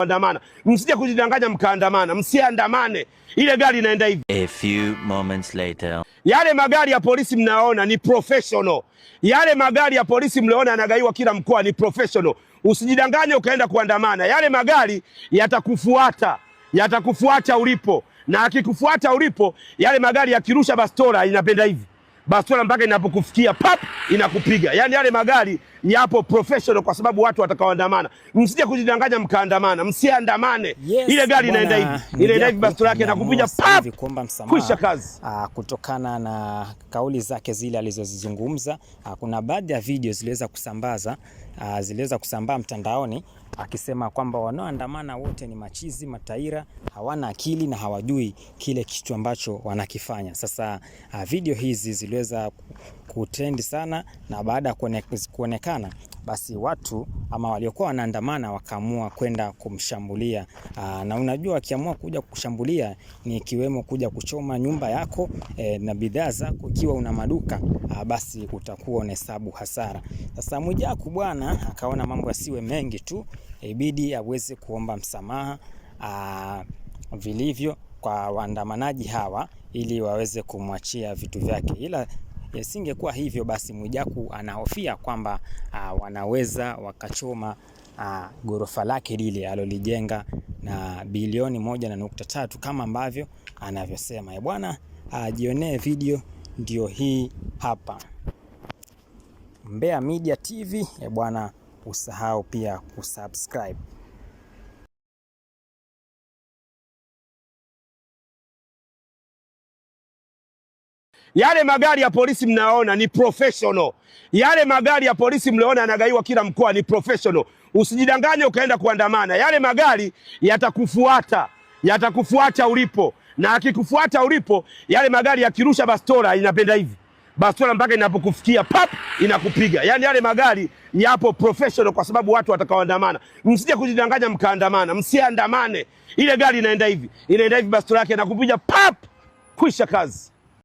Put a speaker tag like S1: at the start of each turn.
S1: kuandamana, Msije kujidanganya mkaandamana, msiandamane. Ile gari inaenda hivi.
S2: A few moments later.
S1: Yale magari ya polisi mnaona ni professional. Yale magari ya polisi mliona yanagaiwa kila mkoa ni professional. Usijidanganye ukaenda kuandamana. Yale magari yatakufuata. Yatakufuata ulipo. Na akikufuata ulipo, yale magari yakirusha bastola inapenda hivi. Barcelona mpaka inapokufikia pap inakupiga. Yaani yale magari yapo professional kwa sababu watu watakaoandamana. Msije kujidanganya mkaandamana, msiandamane. Yes, ile gari inaenda hivi. Inaenda hivi Barcelona yake inakupiga pap. Kuisha kazi.
S3: Aa, ah, kutokana na kauli zake zile alizozizungumza, ah, kuna baadhi ya video ziliweza kusambaza, ah, ziliweza kusambaa mtandaoni akisema kwamba wanaoandamana wote ni machizi, mataira, hawana akili na hawajui kile kitu ambacho wanakifanya. Sasa ah, video hizi ziliweza kutrend sana, na baada ya kuonekana basi watu ama waliokuwa wanaandamana wakaamua kwenda kumshambulia. Aa, ah, na unajua akiamua kuja kushambulia ni ikiwemo kuja kuchoma nyumba yako e, na bidhaa zako ikiwa una maduka aa, ah, basi utakuwa na hesabu hasara. Sasa Mwijaku bwana akaona mambo yasiwe mengi tu, ibidi aweze kuomba msamaha aa, ah, vilivyo kwa waandamanaji hawa ili waweze kumwachia vitu vyake ila Yasingekuwa hivyo basi, Mwijaku anahofia kwamba uh, wanaweza wakachoma uh, ghorofa lake lile alolijenga na bilioni moja na nukta tatu kama ambavyo anavyosema. E bwana, uh, jionee video ndio hii hapa. Mbea Media TV, e bwana, usahau pia kusubscribe.
S1: Yale magari ya polisi mnayoona ni professional. Yale magari ya polisi mlioona yanagaiwa kila mkoa ni professional. Usijidanganye ukaenda kuandamana, yale magari yatakufuata, yatakufuata ulipo, na akikufuata ulipo, yale magari yakirusha bastola inapenda hivi bastola mpaka inapokufikia pap inakupiga. Yani yale magari yapo professional, kwa sababu watu watakaoandamana, msije kujidanganya mkaandamana, msiandamane. Ile gari inaenda hivi, inaenda hivi, bastola yake inakupiga pap, kwisha kazi.